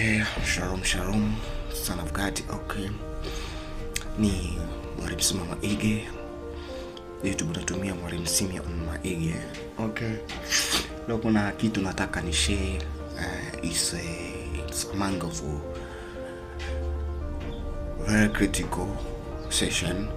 Okay, shalom shalom, son of God. Okay, ni Mwalimu Sima Maige. YouTube natumia Mwalimu Sima Maige. Okay, leo kuna kitu nataka ni share. Uh, eh, is a, it's among of very critical session.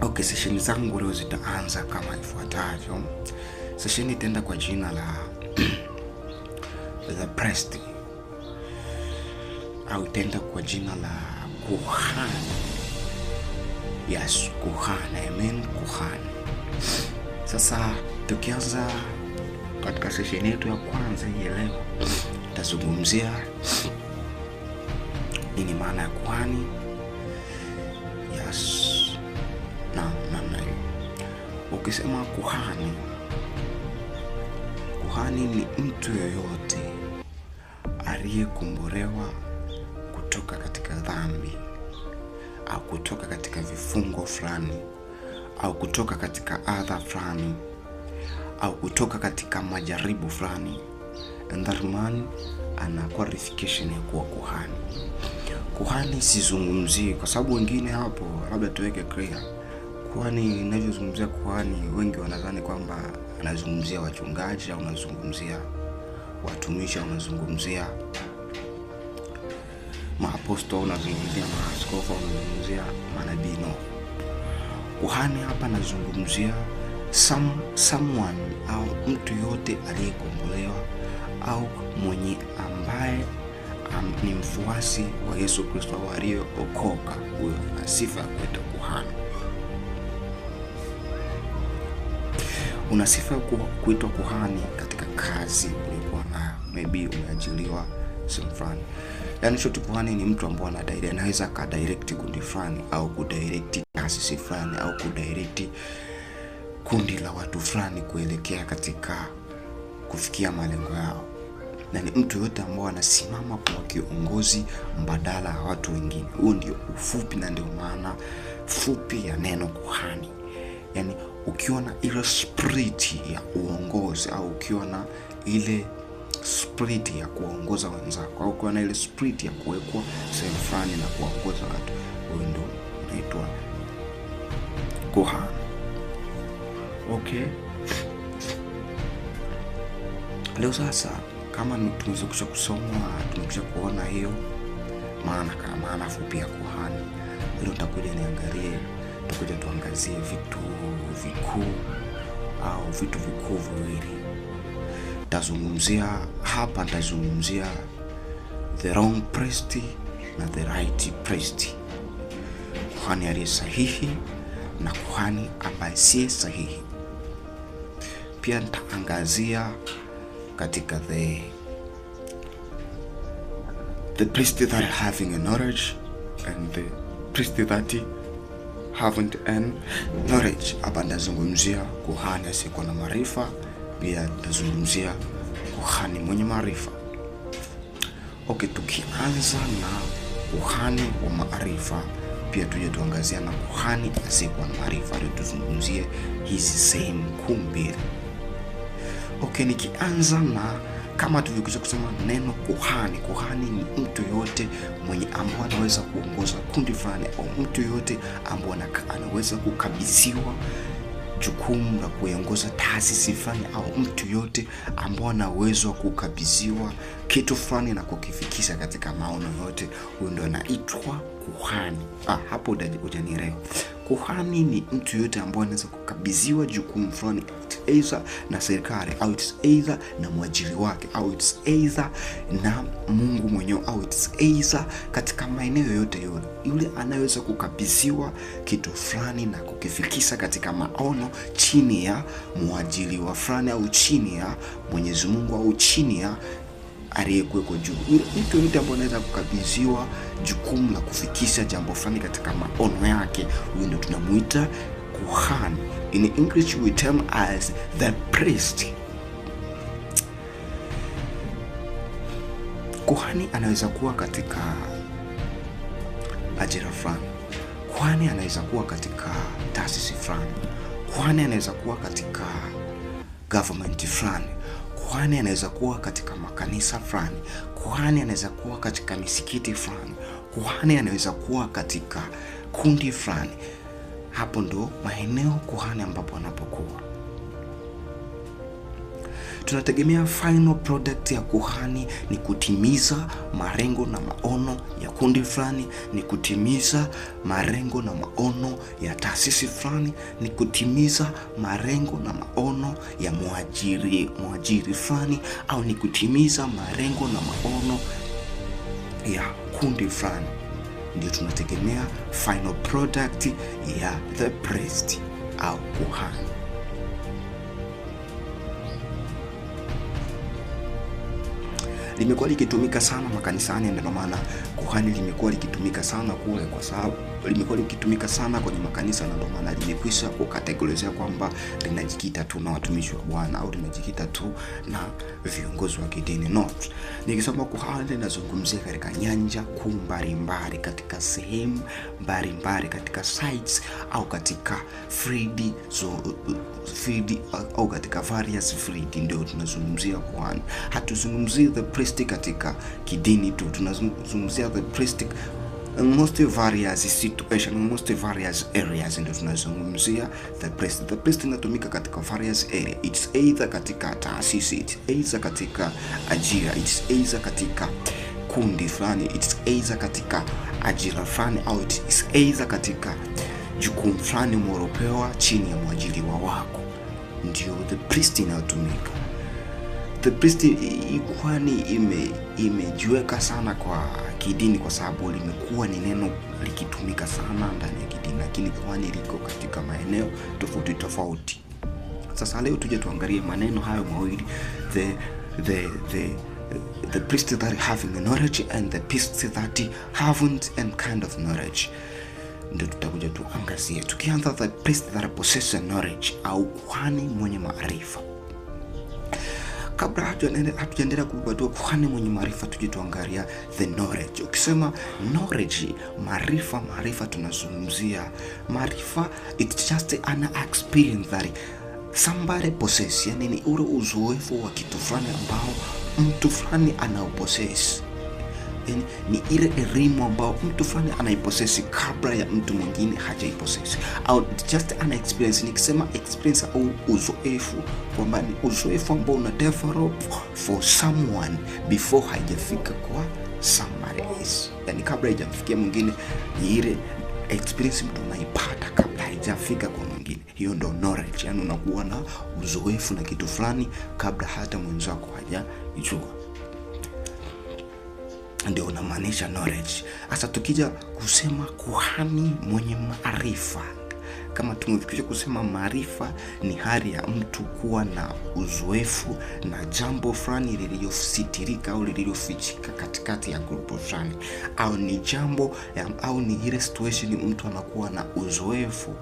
Okay, session zangu leo zitaanza kama ifuatavyo. Session itaenda kwa jina la the breast au itaenda kwa jina la kuhan. Yes, kuhan, amen, kuhan. Sasa tukianza katika sesheni yetu ya kwanza ya leo, tutazungumzia nini maana ya kuhani. Yes, na namna hiyo. Ukisema kuhani, kuhani ni mtu yoyote aliyekombolewa kutoka katika dhambi au kutoka katika vifungo fulani au kutoka katika adha fulani au kutoka katika majaribu fulani. Dharman anakuwa qualification ya kuwa kuhani. Kuhani sizungumzii, kwa sababu wengine hapo, labda tuweke clear, kuhani inavyozungumzia kuhani, wengi wanadhani kwamba anazungumzia wachungaji au anazungumzia watumishi au anazungumzia maapostol, unazungumzia maaskofu, unazungumzia manabii no. Kuhani hapa nazungumzia some, someone au mtu yote aliyekombolewa au mwenye ambaye am, ni mfuasi wa Yesu Kristo au aliyeokoka huyo na sifa ya kuita kuhani. Una sifa ya kuitwa kuhani katika kazi ulikuwa nayo, maybe umeajiliwa sehemu fulani. Yani Shoti kuhani ni mtu ambaye ana anaweza direct kundi fulani au direct taasisi fulani au direct kundi la watu fulani kuelekea katika kufikia malengo yao, na ni mtu yoyote ambaye anasimama kwa kiongozi mbadala ya watu wengine. Huo ndio ufupi, na ndio maana fupi ya neno kuhani. Yani ukiwa na ile spirit ya uongozi au ukiwa na ile spirit ya kuwaongoza wenzako, au kuwa na ile spirit ya kuwekwa sehemu fulani na kuwaongoza watu, huyu ndo unaitwa kuhani. Okay, leo sasa, kama tumezokisha kusoma, tumekisha kuona hiyo maana kama maana fupi ya kuhani, ndio nitakuja niangalie, tukuja tuangazie vitu vikuu au vitu vikuu viwili nitazungumzia hapa, nitazungumzia the wrong priest na the right priest, kuhani aliye sahihi na kuhani ambaye siye sahihi. Pia nitaangazia katika the the priest that having a knowledge and the priest that haven't an knowledge. Hapa nitazungumzia kuhani asiyekuwa na maarifa pia nitazungumzia kuhani mwenye maarifa. Okay, tukianza na kuhani wa maarifa, pia tuje tuangazia na kuhani asiyekuwa na maarifa, ndio tuzungumzie hizi sehemu kuu mbili. Okay, nikianza na kama tulivyokuja kusema neno kuhani. Kuhani ni mtu yoyote mwenye ambaye anaweza kuongoza kundi fulani au mtu yoyote ambaye anaweza kukabidhiwa jukumu la kuiongoza taasisi fulani au mtu yote ambao anaweza uwezo wa kukabidhiwa kitu fulani na kukifikisha katika maono yote, huyu ndo anaitwa kuhani. Ah, hapo hujanielewa. Kuhani ni mtu yote ambao anaweza kukabidhiwa jukumu fulani either na serikali au it's either na mwajiri wake au it's either na Mungu mwenyewe au it's either katika maeneo yote yule, yule anaweza kukabiziwa kitu fulani na kukifikisa katika maono chini ya mwajiriwa fulani au chini ya Mwenyezi Mungu au chini ya aliyekuweko juu. Mtu yoyote ambaye anaweza kukabiziwa jukumu la kufikisha jambo fulani katika maono yake, huyu ndio tunamuita kuhani in English we term as the priest. Kuhani anaweza kuwa katika ajira fulani, kuhani anaweza kuwa katika taasisi fulani, kuhani anaweza kuwa katika government fulani, kuhani anaweza kuwa katika makanisa fulani, kuhani anaweza kuwa katika misikiti fulani, kuhani anaweza kuwa katika kundi fulani hapo ndo maeneo kuhani ambapo anapokuwa. Tunategemea final product ya kuhani ni kutimiza marengo na maono ya kundi fulani, ni kutimiza marengo na maono ya taasisi fulani, ni kutimiza marengo na maono ya mwajiri mwajiri fulani, au ni kutimiza marengo na maono ya kundi fulani ndio tunategemea final product ya the priest au kuhani. Limekuwa likitumika sana makanisani, ndio maana kuhani limekuwa likitumika sana kule, kwa sababu limekuwa likitumika sana kwenye makanisa na ndio maana limekwisha kukategorizia kwamba linajikita tu na watumishi wa Bwana au linajikita tu na viongozi wa kidini. Not nikisema kuhani, nazungumzia katika nyanja kuu mbalimbali, katika sehemu mbalimbali, katika sites au katika field so, field au katika various field, ndio tunazungumzia kuhani. Hatuzungumzii the priest katika kidini tu, tunazungumzia the priest most various situation, most various areas ndio tunazungumzia the priest. The priest inatumika katika various area. It's either katika taasisi, it's either katika ajira, it's either katika kundi fulani, it's either katika ajira fulani au it's either katika jukumu fulani umelopewa chini ya mwajiriwa wako, ndio the priest inayotumika. The priest kwani imejiweka ime sana kwa kidini, kwa sababu limekuwa ni neno likitumika sana ndani ya kidini, lakini kwani liko katika maeneo tofauti tofauti. Sasa leo tuje tuangalie maneno hayo mawili the, the, the, the priest that having knowledge and the priest that haven't and kind of knowledge ndio tutakuja tuangazie, tukianza the priest that possesses knowledge au kwani mwenye maarifa kabla hatujaendelea kubadua kwani mwenye maarifa, tujituangalia the knowledge. Ukisema knowledge, maarifa, maarifa tunazungumzia maarifa, it's just an experience that somebody possess, yani ni ule uzoefu wa kitu fulani ambao mtu fulani anaoposesi yani ni ile elimu ambayo mtu fulani anaiposesi kabla ya mtu mwingine hajaiposesi au just ana experience nikisema experience au uzoefu kwamba ni uzoefu ambao una develop for someone before haijafika kwa somebody else yani kabla haijamfikia mwingine ni ile experience mtu unaipata kabla haijafika kwa mwingine hiyo ndo knowledge yani unakuwa na uzoefu na kitu fulani kabla hata mwenzako hajaijua ndio unamaanisha knowledge. hasa tukija kusema kuhani mwenye maarifa, kama tumekuja kusema maarifa ni hali ya mtu kuwa na uzoefu na jambo fulani lililositirika au lililofichika katikati ya grupu fulani, au ni jambo au ni ile situation mtu anakuwa na uzoefu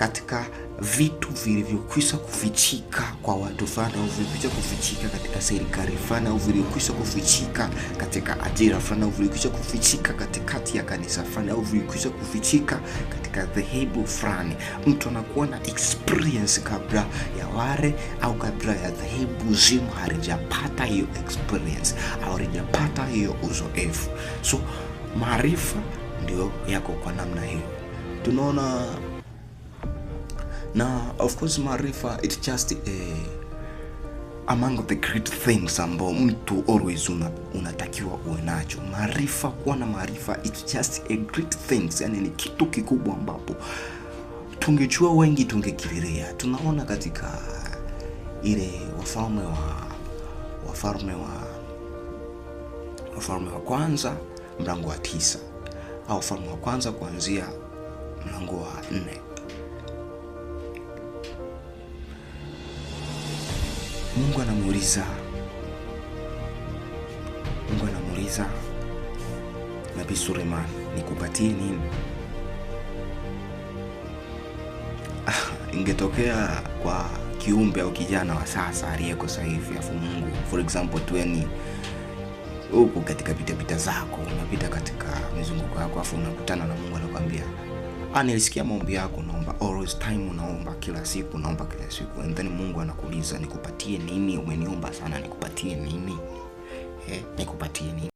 katika vitu vilivyokwisha kufichika kwa watu fulani au vilivyokwisha kufichika katika serikali fulani au vilivyokwisha kufichika katika ajira fulani au vilivyokwisha kufichika katikati ya kanisa fulani au vilivyokwisha kufichika katika dhehebu fulani. Mtu anakuwa na experience kabla ya wale au kabla ya dhehebu zima halijapata hiyo experience au halijapata hiyo uzoefu. So maarifa ndio yako kwa namna hiyo, tunaona na of course maarifa it just eh, among the great things ambao mtu always una, unatakiwa uwe nacho maarifa. Kuwa na maarifa it's just a great things, yani ni kitu kikubwa ambapo tungechua wengi tungekirilia Tunaona katika ile wafalme wa wafalme wa wafalme wa kwanza mlango wa tisa au wafalme wa kwanza kuanzia mlango wa nne Mungu anamuuliza Mungu anamuuliza nabi Suleiman, nikupatie nini? Ah, ingetokea kwa kiumbe au kijana wa sasa aliyeko sasa hivi, afu Mungu for example tueni huku katika pitapita zako, unapita katika mizunguko yako, afu unakutana na Mungu anakuambia, ah, nilisikia maombi yako unaomba always time, unaomba kila siku, unaomba kila siku, and then Mungu anakuuliza nikupatie nini? Umeniomba sana, nikupatie nini? Eh, nikupatie nini?